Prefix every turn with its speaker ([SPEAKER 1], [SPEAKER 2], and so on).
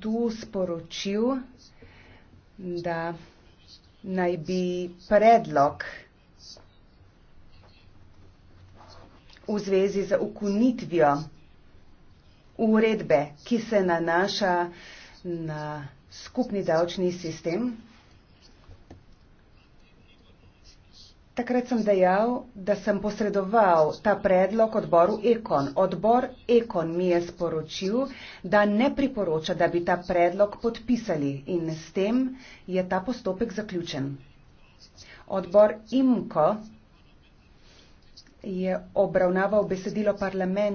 [SPEAKER 1] tu sporočil, da naj bi predlog v zvezi z ukunitvijo uredbe, ki se nanaša na skupni davčni sistem, Takrat sem dejal, da sem posredoval ta predlog odboru Ekon. Odbor Ekon mi je sporočil, da ne priporoča, da bi ta predlog podpisali in s tem je ta postopek zaključen. Odbor Imko je obravnaval
[SPEAKER 2] besedilo parlament.